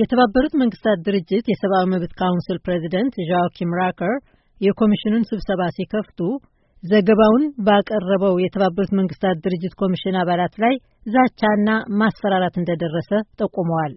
የተባበሩት መንግስታት ድርጅት የሰብአዊ መብት ካውንስል ፕሬዚደንት ዣኪም ራከር የኮሚሽኑን ስብሰባ ሲከፍቱ ዘገባውን ባቀረበው የተባበሩት መንግስታት ድርጅት ኮሚሽን አባላት ላይ ዛቻና ማስፈራራት እንደደረሰ ጠቁመዋል።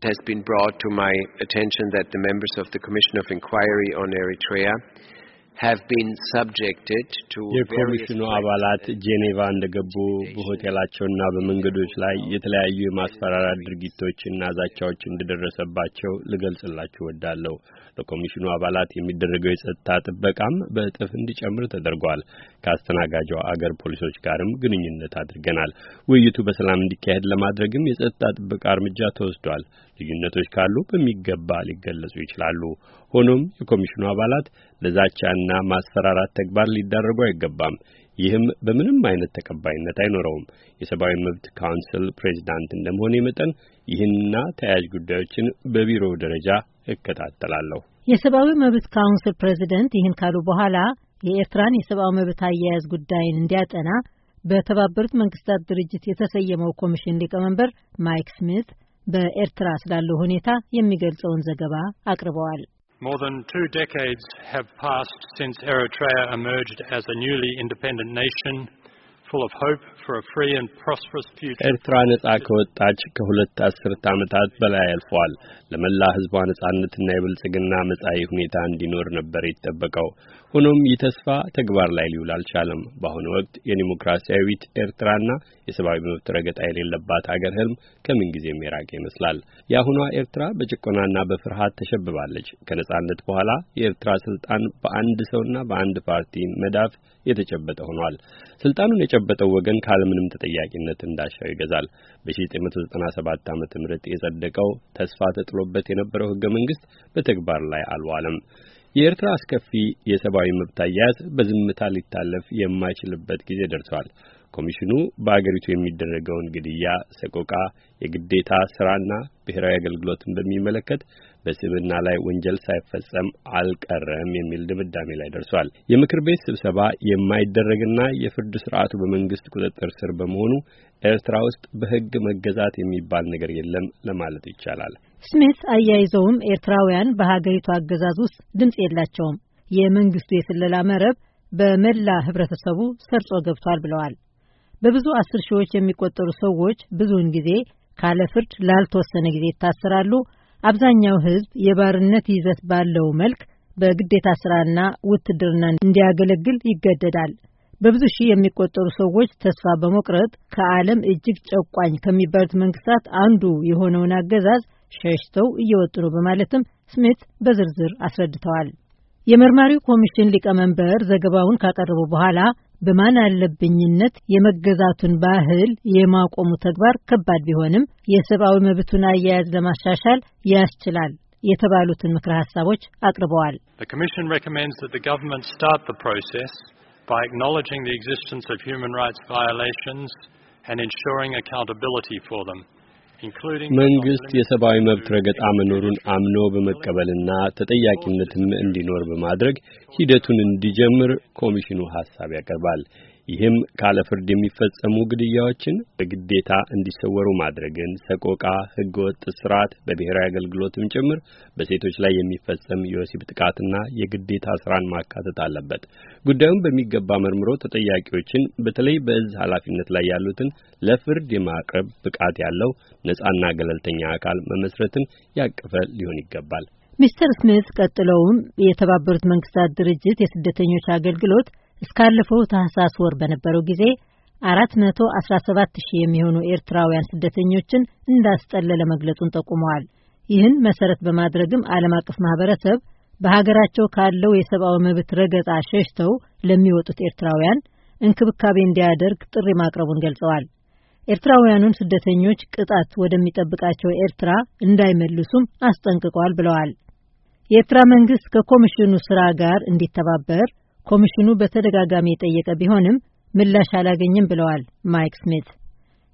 የኮሚሽኑ አባላት ጄኔቫ እንደገቡ በሆቴላቸውና በመንገዶች ላይ የተለያዩ የማስፈራራት ድርጊቶችና ዛቻዎች እንደደረሰባቸው ልገልጽላችሁ እወዳለሁ። ለኮሚሽኑ አባላት የሚደረገው የጸጥታ ጥበቃም በእጥፍ እንዲጨምር ተደርጓል። ከአስተናጋጇ አገር ፖሊሶች ጋርም ግንኙነት አድርገናል። ውይይቱ በሰላም እንዲካሄድ ለማድረግም የጸጥታ ጥበቃ እርምጃ ተወስዷል። ልዩነቶች ካሉ በሚገባ ሊገለጹ ይችላሉ። ሆኖም የኮሚሽኑ አባላት ለዛቻና ማስፈራራት ተግባር ሊዳረጉ አይገባም። ይህም በምንም አይነት ተቀባይነት አይኖረውም። የሰብአዊ መብት ካውንስል ፕሬዚዳንት እንደመሆኔ መጠን ይህንና ተያያዥ ጉዳዮችን በቢሮው ደረጃ እከታተላለሁ። የሰብአዊ መብት ካውንስል ፕሬዚደንት ይህን ካሉ በኋላ የኤርትራን የሰብአዊ መብት አያያዝ ጉዳይን እንዲያጠና በተባበሩት መንግስታት ድርጅት የተሰየመው ኮሚሽን ሊቀመንበር ማይክ ስሚት በኤርትራ ስላለው ሁኔታ የሚገልጸውን ዘገባ አቅርበዋል። More than two decades have passed since Eritrea emerged as a newly independent nation ኤርትራ ነጻ ከወጣች ከሁለት አስርት ዓመታት በላይ አልፏል። ለመላ ሕዝቧ ነጻነትና የብልጽግና መጻኢ ሁኔታ እንዲኖር ነበር የተጠበቀው። ሆኖም ይህ ተስፋ ተግባር ላይ ሊውል አልቻለም። በአሁኑ ወቅት የዲሞክራሲያዊት ኤርትራና የሰብአዊ መብት ረገጣ የሌለባት አገር ህልም ከምንጊዜም የራቀ ይመስላል። የአሁኗ ኤርትራ በጭቆናና በፍርሃት ተሸብባለች። ከነጻነት በኋላ የኤርትራ ስልጣን በአንድ ሰውና በአንድ ፓርቲ መዳፍ የተጨበጠ ሆኗል። ስልጣኑን የጨበጠው ወገን ካለምንም ተጠያቂነት እንዳሻው ይገዛል። በ1997 ዓ.ም የጸደቀው ተስፋ ተጥሎበት የነበረው ህገ መንግስት በተግባር ላይ አልዋለም። የኤርትራ አስከፊ የሰብአዊ መብት አያያዝ በዝምታ ሊታለፍ የማይችልበት ጊዜ ደርሷል። ኮሚሽኑ በአገሪቱ የሚደረገውን ግድያ፣ ሰቆቃ፣ የግዴታ ስራና ብሔራዊ አገልግሎትን በሚመለከት በስብና ላይ ወንጀል ሳይፈጸም አልቀረም የሚል ድምዳሜ ላይ ደርሷል። የምክር ቤት ስብሰባ የማይደረግና የፍርድ ስርዓቱ በመንግስት ቁጥጥር ስር በመሆኑ ኤርትራ ውስጥ በህግ መገዛት የሚባል ነገር የለም ለማለት ይቻላል። ስሚት አያይዘውም ኤርትራውያን በሀገሪቱ አገዛዝ ውስጥ ድምፅ የላቸውም፣ የመንግስቱ የስለላ መረብ በመላ ህብረተሰቡ ሰርጾ ገብቷል ብለዋል። በብዙ አስር ሺዎች የሚቆጠሩ ሰዎች ብዙውን ጊዜ ካለ ፍርድ ላልተወሰነ ጊዜ ይታሰራሉ። አብዛኛው ህዝብ የባርነት ይዘት ባለው መልክ በግዴታ ስራና ውትድርና እንዲያገለግል ይገደዳል። በብዙ ሺህ የሚቆጠሩ ሰዎች ተስፋ በመቁረጥ ከዓለም እጅግ ጨቋኝ ከሚባሉት መንግስታት አንዱ የሆነውን አገዛዝ ሸሽተው እየወጡ ነው በማለትም ስሚት በዝርዝር አስረድተዋል። የመርማሪው ኮሚሽን ሊቀመንበር ዘገባውን ካቀረቡ በኋላ በማን አለብኝነት የመገዛቱን ባህል የማቆሙ ተግባር ከባድ ቢሆንም የሰብአዊ መብቱን አያያዝ ለማሻሻል ያስችላል የተባሉትን ምክረ ሀሳቦች አቅርበዋል። ኮሚሽን መንግስት የሰብአዊ መብት ረገጣ መኖሩን አምኖ በመቀበልና ተጠያቂነትም እንዲኖር በማድረግ ሂደቱን እንዲጀምር ኮሚሽኑ ሐሳብ ያቀርባል። ይህም ካለ ፍርድ የሚፈጸሙ ግድያዎችን በግዴታ እንዲሰወሩ ማድረግን፣ ሰቆቃ፣ ህገወጥ ስርዓት በብሔራዊ አገልግሎትም ጭምር በሴቶች ላይ የሚፈጸም የወሲብ ጥቃትና የግዴታ ስራን ማካተት አለበት። ጉዳዩን በሚገባ መርምሮ ተጠያቂዎችን በተለይ በእዝ ኃላፊነት ላይ ያሉትን ለፍርድ የማቅረብ ብቃት ያለው ነጻና ገለልተኛ አካል መመስረትን ያቀፈ ሊሆን ይገባል። ሚስተር ስሚት ቀጥለውም የተባበሩት መንግስታት ድርጅት የስደተኞች አገልግሎት እስካለፈው ታህሳስ ወር በነበረው ጊዜ 417 ሺህ የሚሆኑ ኤርትራውያን ስደተኞችን እንዳስጠለለ መግለጹን ጠቁመዋል። ይህን መሰረት በማድረግም ዓለም አቀፍ ማህበረሰብ በሀገራቸው ካለው የሰብአዊ መብት ረገጣ ሸሽተው ለሚወጡት ኤርትራውያን እንክብካቤ እንዲያደርግ ጥሪ ማቅረቡን ገልጸዋል። ኤርትራውያኑን ስደተኞች ቅጣት ወደሚጠብቃቸው ኤርትራ እንዳይመልሱም አስጠንቅቀዋል ብለዋል። የኤርትራ መንግስት ከኮሚሽኑ ስራ ጋር እንዲተባበር ኮሚሽኑ በተደጋጋሚ የጠየቀ ቢሆንም ምላሽ አላገኝም ብለዋል ማይክ ስሚት።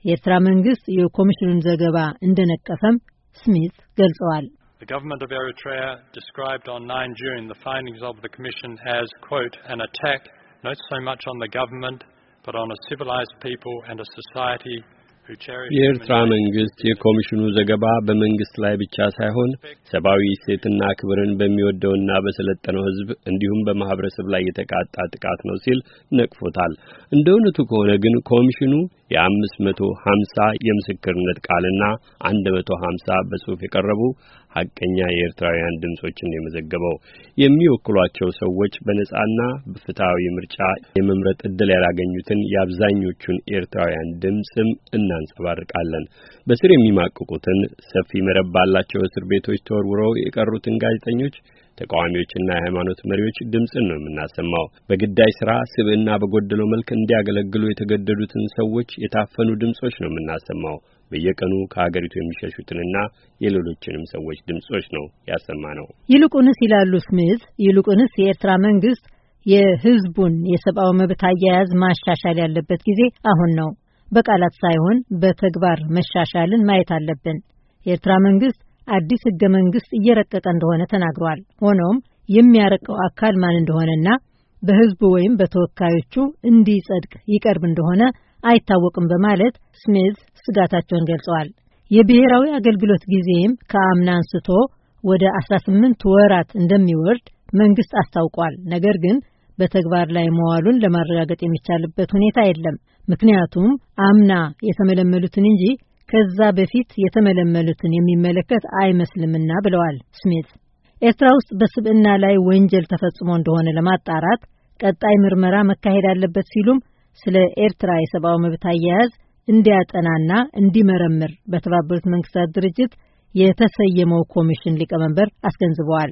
የኤርትራ መንግስት የኮሚሽኑን ዘገባ እንደነቀፈም ስሚት ገልጸዋል። የኤርትራ መንግስት የኮሚሽኑ ዘገባ በመንግስት ላይ ብቻ ሳይሆን ሰብአዊ እሴትና ክብርን በሚወደውና በሰለጠነው ሕዝብ እንዲሁም በማህበረሰብ ላይ የተቃጣ ጥቃት ነው ሲል ነቅፎታል። እንደ እውነቱ ከሆነ ግን ኮሚሽኑ የአምስት መቶ ሀምሳ የምስክርነት ቃልና አንድ መቶ ሀምሳ በጽሑፍ የቀረቡ ሐቀኛ የኤርትራውያን ድምጾችን የመዘገበው የሚወክሏቸው ሰዎች በነጻና በፍትሐዊ ምርጫ የመምረጥ እድል ያላገኙትን የአብዛኞቹን ኤርትራውያን ድምፅም እናንጸባርቃለን። በስር የሚማቅቁትን ሰፊ መረብ ባላቸው እስር ቤቶች ተወርውረው የቀሩትን ጋዜጠኞች ተቃዋሚዎችና የሃይማኖት መሪዎች ድምፅን ነው የምናሰማው። በግዳይ ስራ ስብዕና በጎደለው መልክ እንዲያገለግሉ የተገደዱትን ሰዎች የታፈኑ ድምጾች ነው የምናሰማው። በየቀኑ ከሀገሪቱ የሚሸሹትንና የሌሎችንም ሰዎች ድምጾች ነው ያሰማ ነው። ይልቁንስ ይላሉ ስሚዝ፣ ይልቁንስ የኤርትራ መንግስት የህዝቡን የሰብአዊ መብት አያያዝ ማሻሻል ያለበት ጊዜ አሁን ነው። በቃላት ሳይሆን በተግባር መሻሻልን ማየት አለብን። የኤርትራ መንግስት አዲስ ህገ መንግስት እየረቀቀ እንደሆነ ተናግሯል። ሆኖም የሚያረቀው አካል ማን እንደሆነና በህዝቡ ወይም በተወካዮቹ እንዲጸድቅ ይቀርብ እንደሆነ አይታወቅም በማለት ስሚዝ ስጋታቸውን ገልጸዋል። የብሔራዊ አገልግሎት ጊዜም ከአምና አንስቶ ወደ 18 ወራት እንደሚወርድ መንግስት አስታውቋል። ነገር ግን በተግባር ላይ መዋሉን ለማረጋገጥ የሚቻልበት ሁኔታ የለም። ምክንያቱም አምና የተመለመሉትን እንጂ ከዛ በፊት የተመለመሉትን የሚመለከት አይመስልምና ብለዋል ስሚት። ኤርትራ ውስጥ በስብዕና ላይ ወንጀል ተፈጽሞ እንደሆነ ለማጣራት ቀጣይ ምርመራ መካሄድ አለበት ሲሉም ስለ ኤርትራ የሰብአዊ መብት አያያዝ እንዲያጠናና እንዲመረምር በተባበሩት መንግስታት ድርጅት የተሰየመው ኮሚሽን ሊቀመንበር አስገንዝበዋል።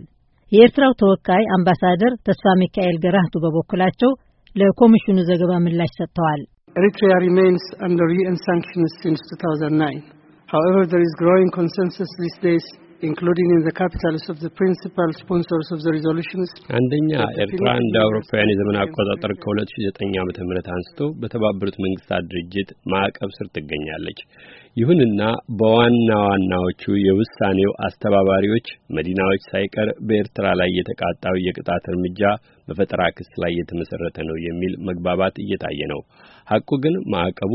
የኤርትራው ተወካይ አምባሳደር ተስፋ ሚካኤል ገራህቱ በበኩላቸው ለኮሚሽኑ ዘገባ ምላሽ ሰጥተዋል። Eritrea remains under UN sanctions since 2009. However, there is growing consensus these days including in the capitals of the principal sponsors of the resolutions አንደኛ ኤርትራ እንደ አውሮፓውያን የዘመን አቆጣጠር ከ2009 ዓመተ ምህረት አንስቶ በተባበሩት መንግስታት ድርጅት ማዕቀብ ስር ትገኛለች። ይሁንና በዋና ዋናዎቹ የውሳኔው አስተባባሪዎች መዲናዎች ሳይቀር በኤርትራ ላይ የተቃጣው የቅጣት እርምጃ በፈጠራ ክስ ላይ የተመሰረተ ነው የሚል መግባባት እየታየ ነው። ሐቁ ግን ማዕቀቡ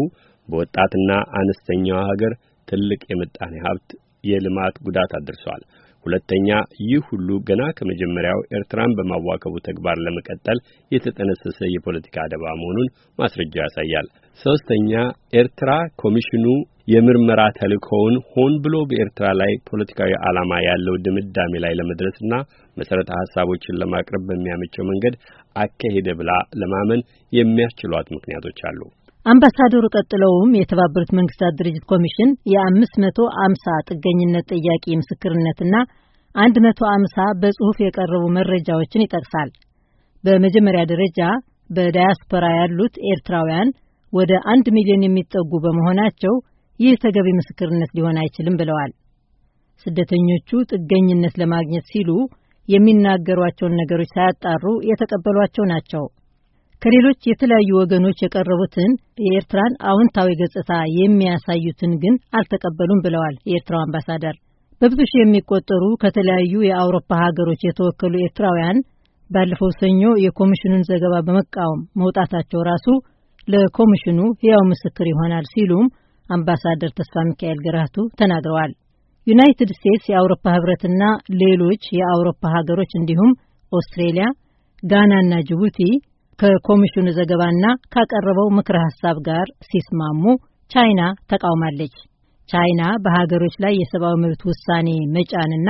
በወጣትና አነስተኛዋ ሀገር ትልቅ የምጣኔ ሀብት የልማት ጉዳት አድርሷል። ሁለተኛ ይህ ሁሉ ገና ከመጀመሪያው ኤርትራን በማዋከቡ ተግባር ለመቀጠል የተጠነሰሰ የፖለቲካ አደባ መሆኑን ማስረጃ ያሳያል። ሶስተኛ ኤርትራ ኮሚሽኑ የምርመራ ተልእኮውን ሆን ብሎ በኤርትራ ላይ ፖለቲካዊ ዓላማ ያለው ድምዳሜ ላይ ለመድረስና መሰረተ ሀሳቦችን ለማቅረብ በሚያመቸው መንገድ አካሄደ ብላ ለማመን የሚያስችሏት ምክንያቶች አሉ። አምባሳደሩ ቀጥለውም የተባበሩት መንግስታት ድርጅት ኮሚሽን የ550 ጥገኝነት ጥያቄ ምስክርነትና 150 በጽሑፍ የቀረቡ መረጃዎችን ይጠቅሳል። በመጀመሪያ ደረጃ በዳያስፖራ ያሉት ኤርትራውያን ወደ አንድ ሚሊዮን የሚጠጉ በመሆናቸው ይህ ተገቢ ምስክርነት ሊሆን አይችልም ብለዋል። ስደተኞቹ ጥገኝነት ለማግኘት ሲሉ የሚናገሯቸውን ነገሮች ሳያጣሩ የተቀበሏቸው ናቸው። ከሌሎች የተለያዩ ወገኖች የቀረቡትን የኤርትራን አዎንታዊ ገጽታ የሚያሳዩትን ግን አልተቀበሉም ብለዋል የኤርትራው አምባሳደር። በብዙ ሺህ የሚቆጠሩ ከተለያዩ የአውሮፓ ሀገሮች የተወከሉ ኤርትራውያን ባለፈው ሰኞ የኮሚሽኑን ዘገባ በመቃወም መውጣታቸው ራሱ ለኮሚሽኑ ሕያው ምስክር ይሆናል ሲሉም አምባሳደር ተስፋ ሚካኤል ገራህቱ ተናግረዋል። ዩናይትድ ስቴትስ፣ የአውሮፓ ህብረትና ሌሎች የአውሮፓ ሀገሮች እንዲሁም ኦስትሬሊያ፣ ጋናና ጅቡቲ ከኮሚሽኑ ዘገባና ካቀረበው ምክረ ሀሳብ ጋር ሲስማሙ ቻይና ተቃውማለች። ቻይና በሀገሮች ላይ የሰብአዊ መብት ውሳኔ መጫንና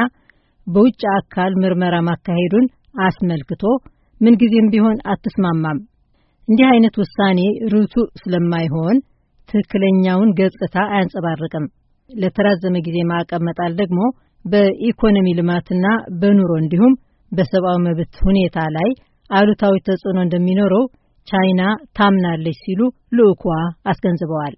በውጭ አካል ምርመራ ማካሄዱን አስመልክቶ ምንጊዜም ቢሆን አትስማማም። እንዲህ አይነት ውሳኔ ርቱዕ ስለማይሆን ትክክለኛውን ገጽታ አያንጸባርቅም። ለተራዘመ ጊዜ ማዕቀብ መጣል ደግሞ በኢኮኖሚ ልማትና በኑሮ እንዲሁም በሰብአዊ መብት ሁኔታ ላይ አሉታዊ ተጽዕኖ እንደሚኖረው ቻይና ታምናለች ሲሉ ልዑኳ አስገንዝበዋል።